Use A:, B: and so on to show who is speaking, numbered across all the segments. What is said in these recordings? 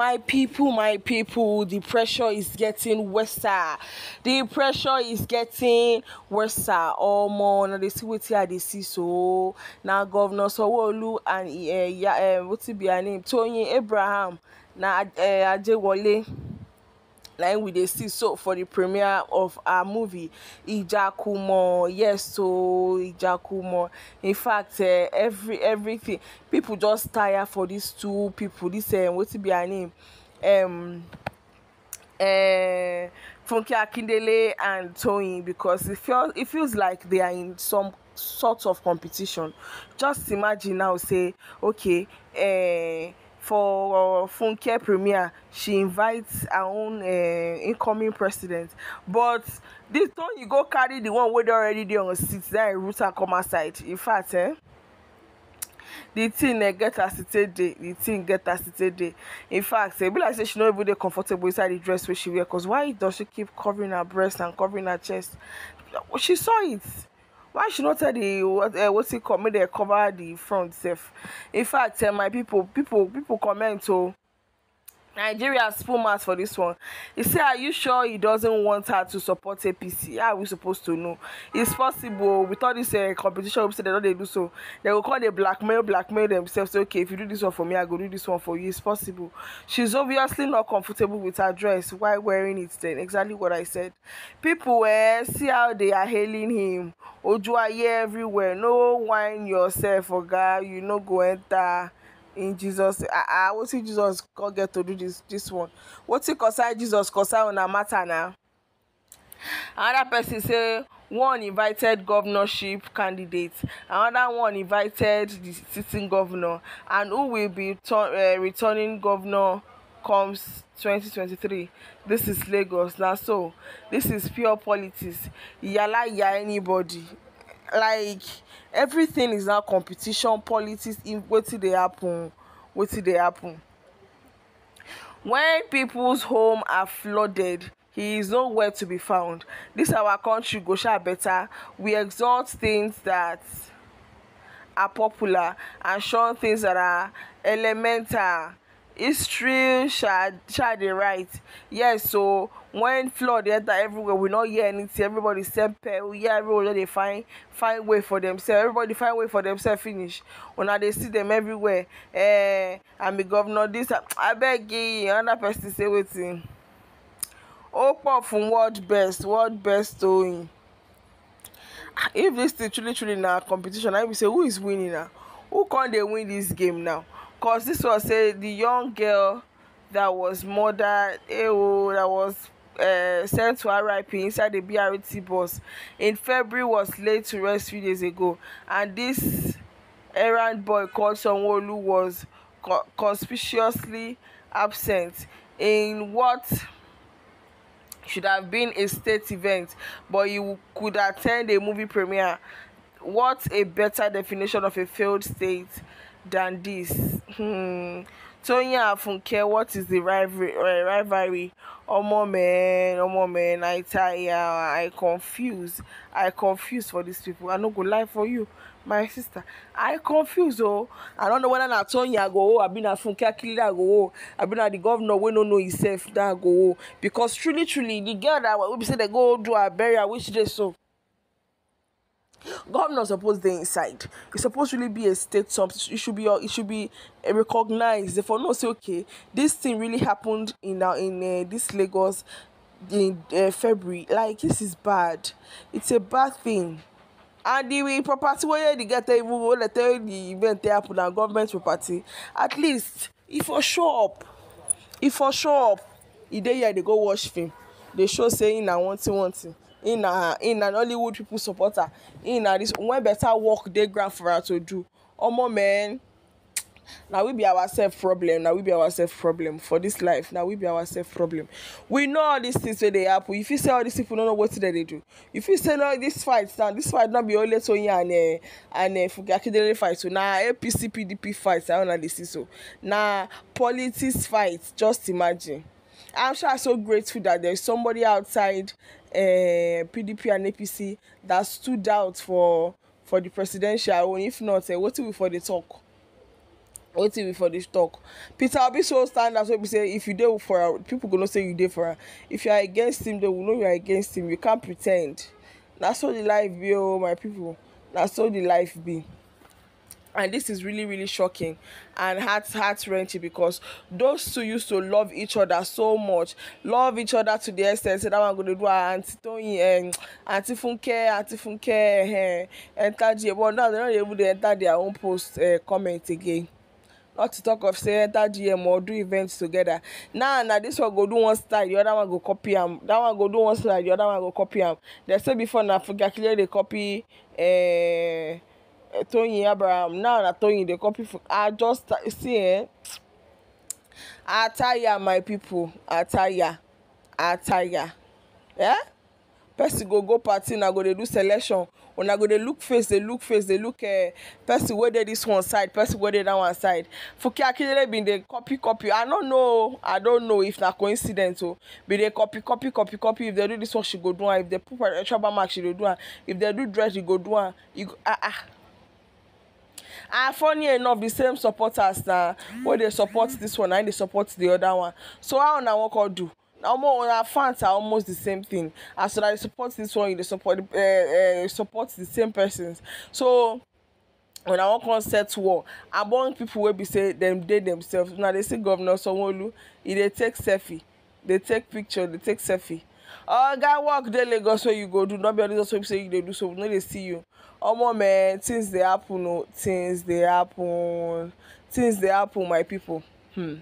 A: My people, my people, the pressure is getting worse. The pressure is getting worse. Oh, man, now they see what here they see. So now, Governor Sawolu and uh, yeah, uh, what's it be her name? Tony Abraham. Now, uh, eh, Ajewole na we they see so for the premiere of her movie ijakumo yes ooo so, ijakumo in fact uh, every everything people just tire for these two people this uh, eh, to be her name um, uh, funke akindele and toyin because it feels it feels like they are in some sort of competition just imagine now say okay. Uh, for uh, Funke Premier, she invites her own uh, incoming president. But this time you go carry the one wey dey already dey on seat, then root come outside. In fact, eh? the thing eh, get as e take the thing get as e take in fact e eh, be like say she no even dey comfortable inside the dress wey she wear cause why does she keep covering her breast and covering her chest she saw it why she no tell the uh, wetin come make dem cover the front safe. in fact uh, my people people people comment o. Oh, Nigeria's full marks for this one. He said, Are you sure he doesn't want her to support APC? How are we supposed to know? It's possible. With all this uh, competition, we said they don't they do so. They will call the blackmail, blackmail themselves. Say, okay, if you do this one for me, I go do this one for you. It's possible. She's obviously not comfortable with her dress. Why wearing it then? Exactly what I said. People uh, see how they are hailing him. Ojuaye everywhere. No wine yourself, oh God. You no go enter in jesus ah ah wetin jesus come get to do this this one wetin concern jesus concern una matter na another person say one invited governorship candidate another one invited the sitting governor and who will be turn, uh, returning governor comes 2023 this is lagos na so this is pure politics Yala ya anybody like everything is now competition politics if wetin dey happen wetin dey happen when people's home are flooded he is nowhere to be found this our country go sha better we exalt things that are popular and shun things that are elemental history Sade write yes So when flood enter everywhere we not hear anything everybody sell pearl yeah everyone just find find way for themselves everybody find way for themselves finish una they see them everywhere eh and be governor this I beg you, another person say wetin ó pọ̀ from world best world best doing. if this is truly truly na competition i will say who is winning now. who come they win this game now cause this was say the young girl that was murdered ewo eh, oh, that was uh, sent to RIP inside the BRT bus in February was laid to rest few days ago and this errand boy called sanwo was co conspicuously absent in what should have been a state event but you could attend a movie premiere what a better definition of a failed state than this um Toyin Afunke what is the rivalry, uh, rivalry? omo man omo man I tire I confuse I confuse for these people I no go lie for you my sister I confuse oh I don't know whether na Toyin I go oh abi na Funke Akindele I go oh abi na the governor wey no know himself that I go oh. because truly truly the girl that we be say dey go do her burial which day so governor suppose dey inside e suppose really be a state something it should be it should be uh, recognized If for know say okay this thing really happened in uh, in uh, this lagos in uh, february like this is bad it's a bad thing and the property wey dey get even wey dey tell the event dey happen na government property at least e for show up e for show up e dey here dey go watch film dey show say na one thing one thing in na in na nollywood people supporter, in na this one better work dey ground for her to do omo men na we be ourself problem na we be ourself problem for this life na we be ourself problem we know all these things wey dey happen you fit say all these people no know wetin dem dey do you fit say no this fight now this fight no be only toyin and uh, and uh, funke akindele fight o na apc pdp fight I una dey see so na politics fight just imagine i'm sure i'm so grateful that there's somebody outside uh, eh, PDP and APC that stood out for for the presidential one if not uh, eh, wetin we for the talk wetin we for dey talk Peter Obi show standards wey be say if you there for am people gonna say you there for am if you are against him they will know you are against him you can't pretend. That's d the life be oo my people That's so the life be. Oh, and this is really really shocking and heart heart wrenching because those two used to love each other so much love each other to the extent say that one go dey do her aunty toyin um, aunty funke aunty funke um, enter gm but now they no dey able to enter their own post uh, comment again not to talk of say enter gm or do events together now na this one go do one style the other one go copy am that one go do one style the other one go copy am They say before na funke akile dey copy. Uh, Tony Abraham now na Tony the copy for I just see eh attire my people attire attire eh person go go party Now go dey do selection una go dey look face dey look face dey look uh, person wey dey this one side person wey dey that one side Funke Akindele bin the copy copy I don't know I don't know if na coincidence Oh, be dey copy copy copy copy if they do this one she go do am if they put extra mark she dey do am if they do dress she go do am You go ah ah and ah, funny enough the same supporters na wey dey support this one na dey support the other one so how una wan come do omo una fans are almost the same thing as una dey support this one you dey support uh, uh, support the same persons so una wan come set war among people wey be say dem dey themselves una dey see governor sanwoolu e dey take selfie dey take picture dey take selfie oga work dey lagos wey you go do no be all dis ones wey be say you dey do so we no dey see you omo man things dey happen o oh, things dey happen things dey happen my people hmm.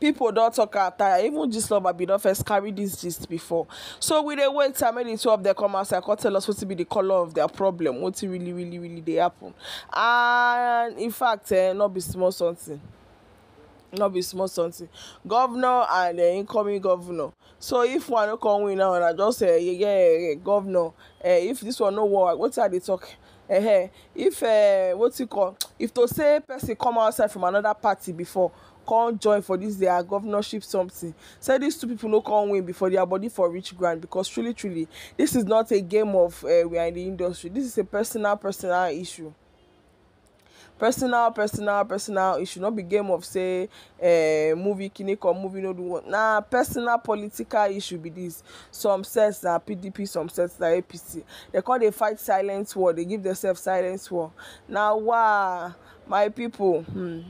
A: people don talk am tire even gist lover bin don first carry this gist before so we dey wait till make the two of them come outside come tell us wetin be the colour of their problem wetin really really really dey happen and in fact eh, no be small something no be small something governor and uh, incoming governor so if one no come win now una just uh, yeah yeah governor uh, if this one no work wetin i dey talk uh eh, -huh. if uh, wetin call if to say person come outside from another party before come join for this their governorship something say these two people no come win before their body for reach ground because truly truly this is not a game of uh, we are in the industry this is a personal personal issue personal personal personal it should not be game of say eh, movie kini come movie no do one na personal political issue be this some sets na pdp some sets na apc they call dey fight silent war they give themselves silent war na wa my people. Hmm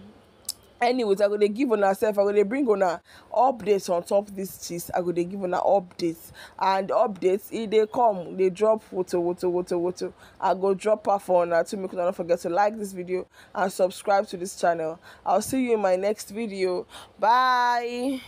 A: anyways i go dey give una sef i go dey bring una updates on top dis gist i go dey give una updates and updates e dey come e dey drop woto woto woto woto i go drop am for una too make una no forget to like dis video and subscribe to dis channel i'll see you in my next video bye.